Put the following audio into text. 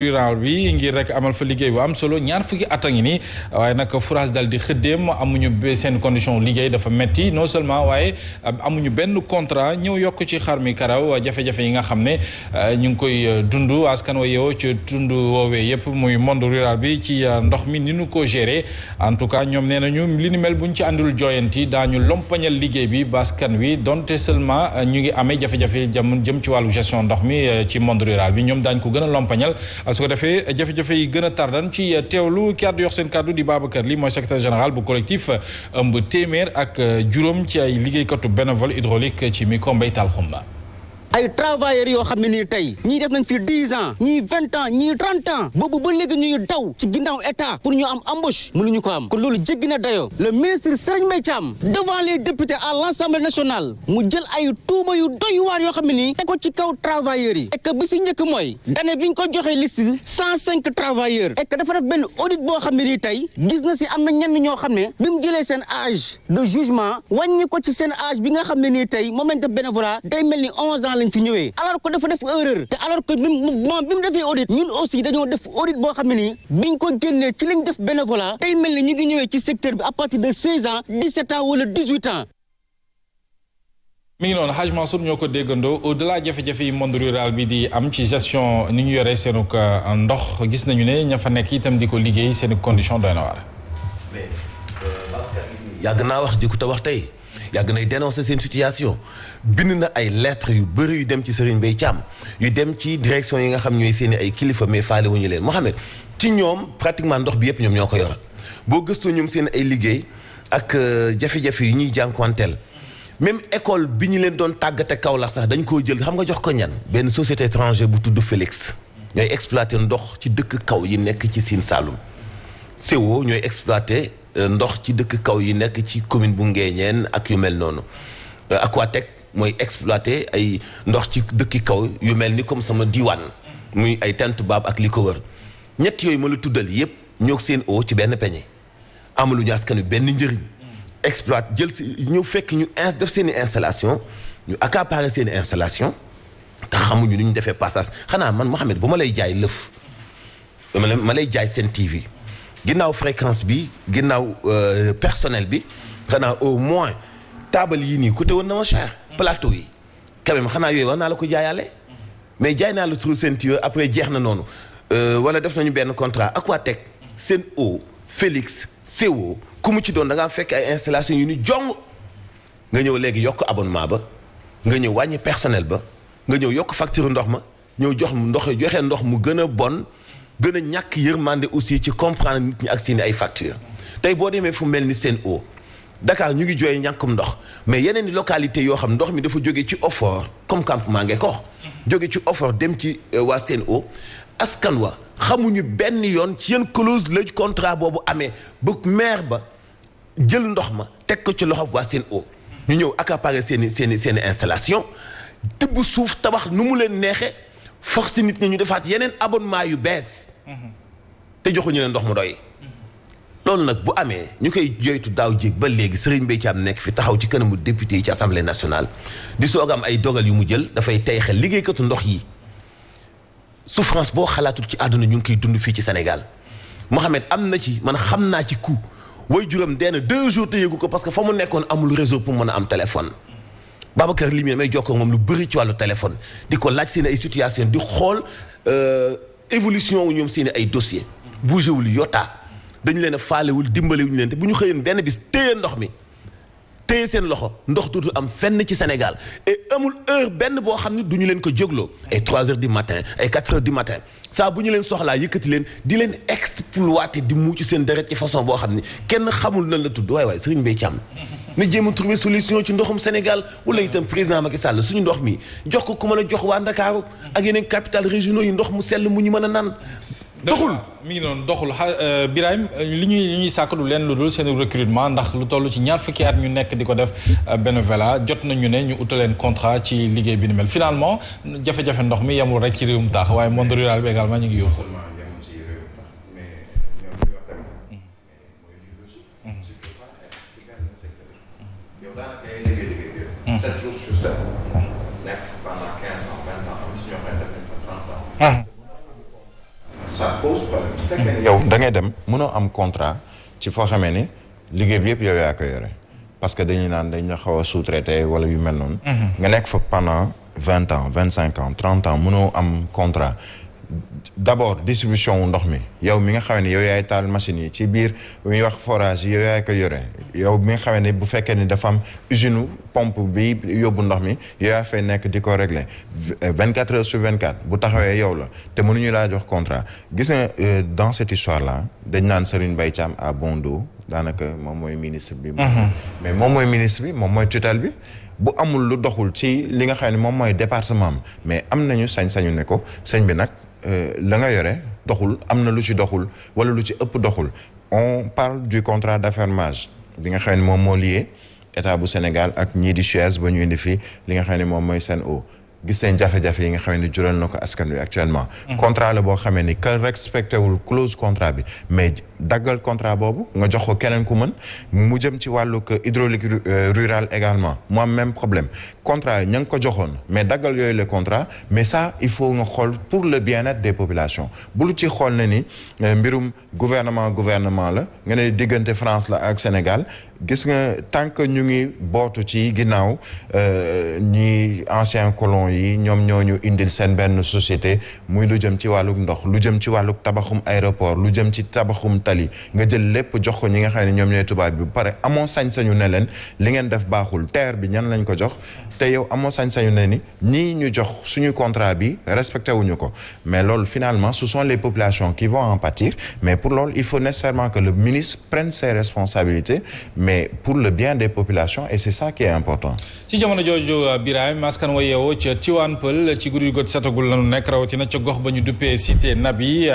rural bi ngir rek amal fa liggéey bu am solo ñaar fukki at a ngi nii waaye nag forage dal di xëddeem amuñu seen condition liggéey dafa metti non seulement waaye amuñu benn contrat ñëw yokk ci xar mi karaw jafe-jafe yi nga xam ne euh, ñu ngi koy euh, dund askan wa yow ci dund woowee muy monde rural bi ci euh, ndox mi ni ñu ko gérer en tout cas ñoom nee nañu li ni mel buñ ci àndul joyanti daañu lompañal liggéey bi ba wi donte seulement ñu ngi amee jafe-jafe jam jëm ci wàllu gestion ndox mi ci monde rural bi ñoom daañ ko gën a lompañal parce que defee jafe-jafe yi gën a tardan ci teewlu ki àddu yox seen kàddu di Babacar Ly mooy secrétaire général bu collectif ëmb téeméer ak euh, juróom ci ay liggéeykatu bénévole hydraulique ci mi ko mbéytaal xumba ay travailleurs yoo xam nii tey ñii def nañ fi dix ans ñii vingt ans ñii trente ans boobu ba léegi ñuy daw ci ginnaaw état pour ñu am embauche mënuñu ko am kon loolu jéggi na le ministre Serigne Mbaye Thiam devant les à l'Assemblée nationale mu jël ay tuuma yu doy waar yoo xam nii teg ko ci kaw travailleurs yi et que njëkk mooy dane bi ñu ko joxee liste cent cinq travailleurs et que def benn audit boo xam nii tey gis na am na ñenn ñoo xam ne lañ fi ñëwee alors que dafa def erreur te alors que bi moom bi mu defee audit ñun aussi dañoo def audit boo xam ne nii biñ ko génnee ci lañ def bénévolat tey mel ni ñu ngi ñëwee ci secteur bi à partir de 16 ans 17 ans wala 18 ans. mi ngi noonu Haj Mansour ñoo ko déggandoo au delà jafe-jafe monde rural bi di am ci gestion ni ñu yoree seenuk euh, ndox gis nañu ne ña fa nekk itam di ko liggéey seen condition doy na waar. mais euh, yàgg naa wax di ko te wax tey. yàgg nay dénoncer seen situation bind na ay lettres yu bëri yu dem ci Serigne Mbaye Thiam yu dem ci direction yi nga xam ñooy seen ay kilifa mais faale wu ñu leen Mohamed ci ñoom pratiquement ndox bi yëpp ñoom ñoo ko yoral boo gëstoo ñoom seen ay liggéey ak euh, jafe-jafe yi ñuy jànkuwanteel même école bi ñu leen doon tàggate Kaolack sax dañ koo jël xam nga jox ko ñan benn société étrangère bu tudd Félix ñooy exploité ndox ci dëkk kaw yi nekk ci Sine saalum CO e ñooy exploité Euh, ndox ci dëkk kaw yi nekk ci commune bu Nguéniène ak yu mel noonu euh, Aquatec mooy exploité ay ndox ci dëkki kaw yu mel ni comme sama diwaan muy ay tent baab ak li ko wër ñett yooyu ma la tuddal yëpp ñoo seen o ci benn peñe amaluñu askan wi benn njëriñ exploite jël si ñu fekk ñu in def seen i installation ñu accaparer seen installation te xamuñu nu ñu defee passage xanaa man Mouhamed bu ma lay jaay lëf ma lay jaay seen TV ginnaaw fréquence bi ginnaaw euh, personnel bi xanaa au moins taabal yii nii coûté woon na ma cher. plateau yi quand même xanaa yooyu war naa la ko jaayaale. mais jaay naa la trop seen tuyau après jeex na noonu euh, wala def nañu benn contrat ak waa teg seen eau Félix CO ku mu ci doon da ngaa fekk ay installation yu ni jong nga ñëw léegi yokk abonnement ba nga ñëw wàññi personnel ba nga ñëw yokk facture ndox ma ñëw jox ndox joxe ndox mu gën a bon. gën a ñàkk yërmande aussi ci comprendre nit ñi ak seen ay facture tey boo demee fu mel ni seen Sen'Eau dakaar ñu ngi jooy ñàkkum ndox mais yeneen i localité yoo xam ndox mi dafa jóge ci Ofor comme maa campement Ngekoox mhm. jóge ci Ofor dem ci euh, waa Sen'Eau askan wa xamuñu benn yoon ci yenn clause la contrat boobu amee ba maire ba jël ndox ma teg ko ci loxo waa Sen'Eau ñu ñëw accaparer seen i seen i seen i installation tibb suuf tabax nu mu leen neexee force nit ñi ñu defaat yeneen abonnement yu bees te joxuñu leen ndox mu doy. loolu nag bu amee ñu koy joytu daaw jéeg ba léegi sëriñ Mbaye Thiam nekk fi taxaw ci kanamu député yi ci assemblée nationale di soog am ay dogal yu mu jël dafay tey xel liggéeykatu ndox yi souffrance boo xalaatul ci àdduna ñu ngi koy dund fii ci Sénégal Mohamed am na ci man xam naa ci ku way juram dee na deux jours te yëgu ko parce que fa mu nekkoon amul réseau pour mën a am téléphone. Babacar Limie may jokkoo moom lu bëri ci wàllu téléphone di ko laaj seen évolution wu ñoom seen ay dossier bougé wul yotaa dañu leen faalewul dimbalewuñu leen te bu ñu xëyoon benn bis téye ndox mi téye seen loxo ndox tuuti am fenn ci Sénégal et amul heure benn boo xam ne du ñu leen ko jógloo ay 3 heures du matin ay 4 heures du matin saa bu ñu leen soxlaa yëkkati leen di leen exploité di muuc seen deret ci façon boo xam ne kenn xamul nan la tudd waay waay Serigne Mbaye Thiam na jéem a trouver solution ci ndoxum Sénégal wala itam président Macky Sall suñu ndox mi jox ko ku mën a jox waa Ndakaaru ak yeneen capital régionaux yi ndox mu sell mu ñu mën a naan doxul mi ngi noonu doxul xa euh, Birahim li ñuy li ñuy sàkk leen lu dul seen recrutement ndax lu toll ci ñaar fukki at ñu nekk di ko def euh, bénévolat jot nañu ne ñu utaleen contrat ci liggéey bi ni mel finalement jafe-jafe ndox mi yemul rek ci réewum taax waaye monde rural bi également ñu ngi yóbbu. yow daanaka da ngay dem mënoo am contrat ci foo xamee ni liggéey bi yëpp yow yaa ko yore parce que dañuy naan dañ la xaw a sous wala yu mel noonu. Hmm. nga nekk fa pendant vingt ans vingt cinq ans trente ans mënoo am contrat. d'abord distribution wu ndox mi yow mi nga xamee ne yow yaay taal machine yi ci biir bu ñuy wax forage yi yow yaay ko yore yow mi nga xamee ne bu fekkee ni dafa am usine pompe bi yóbbu ndox mi yow yaa fay nekk di ko régler vingt quatre heures sur vingt quatre bu taxawee yow la te mënuñu laa jox contrat gis nga euh, dans cette histoire dañ naan Serigne Mbaye Thiam à bon dos daanaka moom mooy ministre bi mhm. mais moom mooy ministre bi moom mooy tutelle bi bu amul lu doxul ci li nga xam ne moom mooy département mais am nañu sañ-sañu ne ko sëñ bi nag Euh, la nga yore doxul am na lu ci doxul wala lu ci ëpp doxul on parle du contrat d'affermage bi nga xam ne moom moo lié état bu Sénégal ak ñiidi di Suez ba ñu indi fii li nga xam ne moom mooy seen o gis nañ jafe-jafe yi nga xamee ni jural na ko askan wi actuellement. Mhm. contrat la boo xamee ni que respecté wul clause contrat bi mais daggal contrat boobu nga jox ko keneen ku mën mu jëm ci wàllu hydraulique euh, rural également mu même problème contrat ña ngi ko joxoon mais daggal yooyu le contrat mais ça il faut nga xool pour le bien-être des bu lu ci xool na ni euh, mbirum gouvernement gouvernement la nga ne diggante France la ak Sénégal. gis nga tant que ñu ngi bootu ci ginnaaw euh, ñi anciens colons yi ñoom ñoo ñu indil seen benn société muy lu jëm ci wàlluk ndox lu jëm ci wàlluk tabaxum aéroport lu jëm ci tabaxum tali nga jël lépp jox ko ñi nga xam ne ñoom ñooy tubaab bi ba pare amoo sañ-sañu ne leen li ngeen def baaxul terre bi ñan lañ ko jox te yow amoo sañ-sañu ne ni ñii ñu jox suñu contrat bi respecté wuñu ko mais loolu finalement ce sont les populations qui vont en pâtir mais pour loolu il faut nécessairement que le ministre prenne ses responsabilités. mais pour le bien des populations et c'est ça qui est important. ci jamono jooju euh, Birahim askan wa ca Tivaouane Peulh ci guddi got setagul lanu nekk rawatina ca gox ba ñu duppee cité Nabi